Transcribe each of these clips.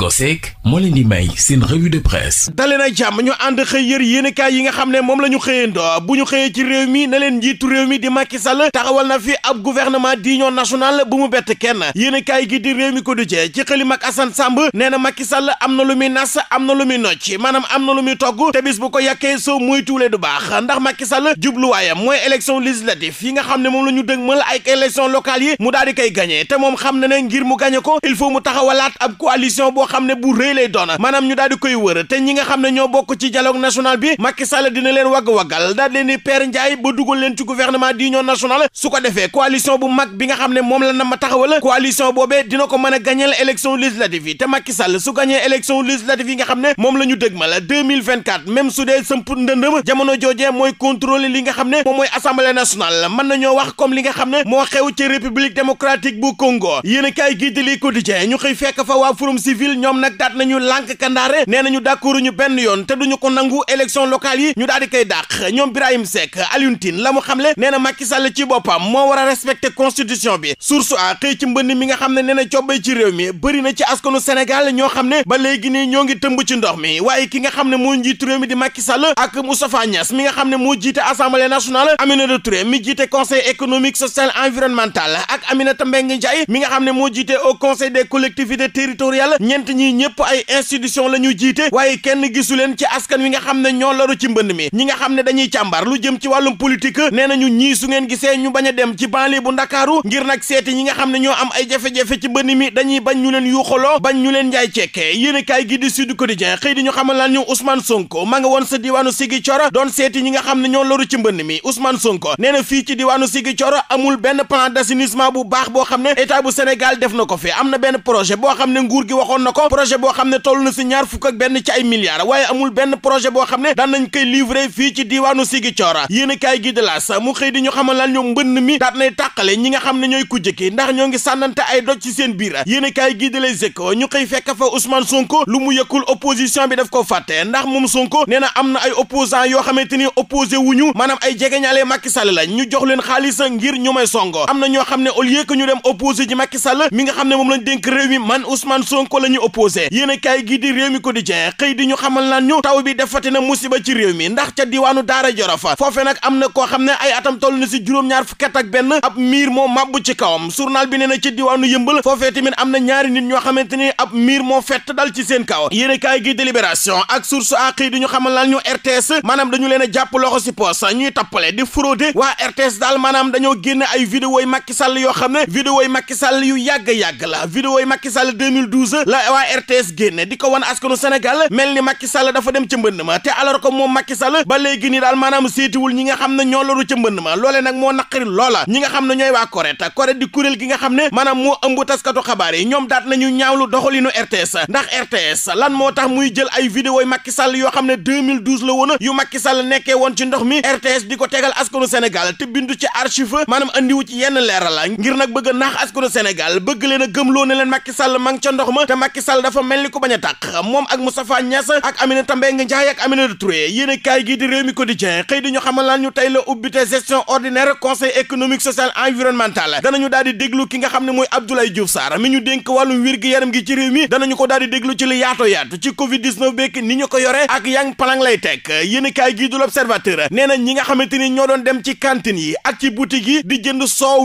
COSEC moo leen di may seen revue de presse dalee na jàmm ñu ànd xëy yër yéenekaay yi nga xam ne moom la ñu xëyandoo bu ñu xëyee ci réew mi na leen njiitu réew mi di Macky Sall taxawal na fi ab gouvernement d'union nationale bu mu bett kenn yéenekaay gi di réew mi ko dujee ci xëlim ak Assane Samb nee na Macky Sall am na lu muy nas am na lu muy nocc maanaam am na lu muy togg te bis bu ko yàkkee soo muy tuulee du baax ndax Macky Sall jubluwaayam mooy élection législative yi nga xam ne moom la ñu dëgmal ay élection locale yi mu daal di koy gagné te moom xam na ne ngir mu ko il faut mu taxawalaat xam ne bu rëy lay doon maanaam ñu daal koy wër te ñi nga xam ne ñoo bokk ci dialogue national bi Macky Sall dina leen wagg-waggal daal leen peer njaay ba leen ci gouvernement d'union nationale su ko defee coalition bu mag bi nga xam ne moom la na ma taxawal coalition boobee dina ko mën a gañeel élection législative yi te Macky Sall su gañee élection législative yi nga xam ne moom la ñu dëgmal la même su dee sëmp ndëndëm jamono joojee mooy contrôler li nga ne moom mooy assemblée nationale mën nañoo wax comme li nga xam ne moo xew ñoom nag daat nañu lànk kandaare nee nañu d'accord ñu benn yoon te duñu ko nangu élection locale yi ñu daal di koy dàq ñoom Birahim Seck Alioune Tine la mu xamle nee na Macky Sall ci boppam moo war a respecter constitution bi source a xëy ci mbënd mi nga xam ne nee na cobbay ci réew mi bëri na ci askanu Sénégal ñoo xam ne ba léegi nii ñoo ngi tëmb ci ndox mi waaye ki nga xam ne moo njiit réew mi di Macky Sall ak Moustapha mi nga xam ne moo jiite Assemblée nationale Aminata Touré mi jiite conseil économique social environnemental ak Aminata Mbengue Ndiaye mi nga xam ne moo jiite au conseil des collectivités territoriales ñeent ndaxte ñii ñëpp ay institution la ñu jiite waaye kenn gisu leen ci askan wi nga xam ne ñoo laru ci mbënn mi ñi nga xam ne dañuy càmbar lu jëm ci wàllum politique nee nañu ñii su ngeen gisee ñu bañ a dem ci banlieue bu ndakaaru ngir nag seeti ñi nga xam ne ñoo am ay jafe-jafe ci mbënd mi dañuy bañ ñu leen yuuxaloo bañ ñu leen njaay cekkee yéene kaay gi di Sud Quotidien xëy di ñu xamal lan ñu Ousmane Sonko ma nga woon sa diwaanu Ziguinchor doon seeti ñi nga xam ne ñoo loru ci mbënd mi Ousmane Sonko nee na fii ci diwaanu Ziguinchor amul benn plan d'assainissement bu baax boo xam ne état bu Sénégal def na ko fi am na benn projet boo xam ne nguur gi waxoon na ko projet boo xam ne toll na si ñaar fukk ak benn ci ay milliards waaye amul benn projet boo xam ne daan nañ koy livrer fii ci diiwaanu Ziguinchor yéen a kaay gi de laas mu xëy di ñu xamal lan ñoom mbënn mi daat nay tàqale ñi nga xam ne ñooy ku ki ndax ñoo ngi sànnante ay doj ci seen biir yéen a kaay gi de ñu xëy fekk fa Ousmane Sonko lu mu yëkkul opposition bi daf ko fàtte ndax moom Sonko nee na am na ay opposants yoo xamante ni opposé wuñu maanaam ay jegeñaale Macky Sall la ñu jox leen xaalis ngir ñu may songo am na ñoo xam ne au lieu que ñu dem opposé Sall mi nga xam ne moom lañ dénk réew mi man Ousmane Sonko la opposé yéen a kaay gi di réew mi ko di jeex xëy di ñu xamal naan ñu taw bi defati na musiba ci réew mi ndax ca diwaanu daara jorof foofe nag am na koo xam ne ay atam toll na si juróom-ñaar fukki ak benn ab miir moo màbbu ci kawam journal bi nee na ci diwaanu yëmbal foofee tamit am na ñaari nit ñoo xamante ni ab miir moo fett dal ci seen kaw yéen a kaay gi délibération ak source a xëy di ñu xamal naan ñu RTS maanaam dañu leen a jàpp loxo si poos ñuy tappale maanaam dañoo génne ay vidéo yi Macky Sall yoo xam ne vidéo yi Macky Sall yu yàgg-yàgg la vidéo yi Macky waa RTS génne di ko wan askanu Sénégal mel ni Macky Sall dafa dem ca mbënd ma te alors que moom Macky Sall ba léegi ni daal maanaam seetiwul ñi nga xam ne ñoo loru ca mbënd ma loole nag moo naqari loola ñi nga xam ne ñooy waa Corrète Corrète di kuréel gi nga xam ne maanaam moo ëmb taskatu xabaar yi ñoom daat nañu ñaawlu doxalinu RTS ndax RTS lan moo tax muy jël ay vidéo yu Macky Sall yoo xam ne 2012 la woon yu Macky Sall nekkee woon ci ndox mi RTS di ko tegal askanu bindu ci archive maanaam andiwu ci yenn leeral la ngir nag bëgg a naax askanu bëgg leen a gëmloo leen Macky Sall mang ca ndox ma te Macky dafa mel ni ku bañ a tàq moom ak Moustapha Niass ak Aminata Mbengue Ndiaye ak Aminata Touré yéen a kaay gii di réew mi quotidien xëy di ñu xamal laan ñu tey la ki nga xam ne mooy Abdoulaye Diouf Sarr mi ñu dénk wàllum wér yaram gi ci réew mi danañu ko daal di ci li yaato yaatu ci covid 19 ni ñu ko yore ak yang palang lay teg yéen kaay gii du l'observateur nee na ñi nga xamante ni ñoo doon dem ci cantine yi ak ci boutique yi di jënd soow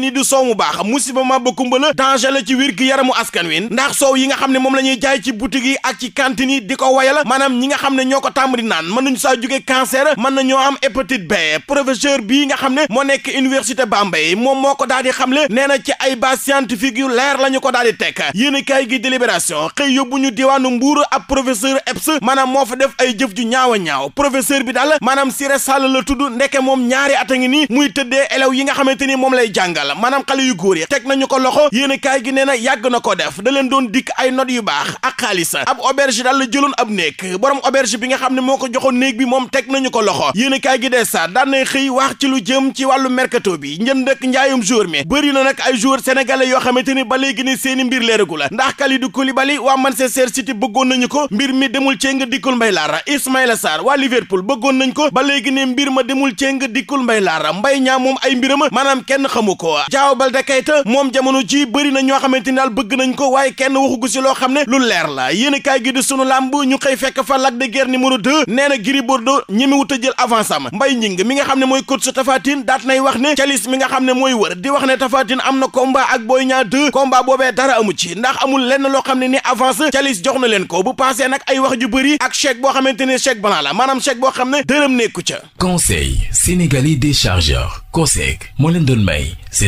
ni du soow mu baax musiba ma ba kumba la danger la ci wér yaramu askan wi ndax soow yi nga xam ne moom la ñuy jaay ci boutique yi ak ci cantine yi di ko wayal maanaam ñi nga xam ne ñoo ko tàmbali naan mën nañu saa jóge cancer mën nañoo am hépatite B professeur bii nga xam ne moo nekk université Bambey moom moo ko daal di xamle nee na ci ay base scientifique yu leer la ñu ko daal di teg yéen kaay gi délibération xëy yóbbu ñu diwaanu Mbuur a professeur EPS maanaam moo fa def ay jëf ju ñaaw a ñaaw professeur bi daal maanaam Siré Sall la tudd ndeke moom ñaari at a ngi nii muy tëddee élèves yi nga xamante ni moom lay jàngal la maanaam xale yu góor yi teg nañu ko loxo yéen kaay gi nee na yàgg na ko def da leen doon dikk ay not yu baax ak xaalis ab auberge daal la jëloon ab néeg borom auberge bi nga xam ne moo ko joxoon néeg bi moom teg nañu ko loxo yéen kaay gi dee sa daan na xëy wax ci lu jëm ci wàllu mercato bi njënd ak njaayum joueur mi bëri na nag ay joueur sénégalais yoo xamante ni ba léegi ni seeni mbir leeragu la ndax kali Kalidou Koulibaly waa Manchester City bëggoon nañu ko mbir mi demul cee nga dikkul mbay laara Ismaïla Sarr waa Liverpool bëggoon nañ ko ba léegi ne mbir ma demul cee nga dikkul mbay laara mbay ñaa moom ay mbirama maanaam kenn xamu ko Diao Baldé Keita moom jamono ji bëri na ñoo xamante ni daal bëgg nañ ko waaye kenn waxugu si loo xam ne lu leer la yéen a kaay gi di sunu làmb ñu xëy fekk fa Lac de Guiers numéro 2 nee na Gris Bordeaux ñemewut a jël avance am Mbaye nga mi nga xam ne mooy coach su daat nay wax ne calis mi nga xam ne mooy wër di wax ne Tapha Tine am na combat ak Boy ñaa 2 combat boobee dara amu ci ndax amul lenn loo xam ne ni avance calis jox na leen ko bu passé nag ay wax ju bëri ak chèque boo xamante ne chèque blanc la maanaam chèque boo xam ne dërëm nekku ca Conseil sénégalais des chargeurs COSEC moo leen doon may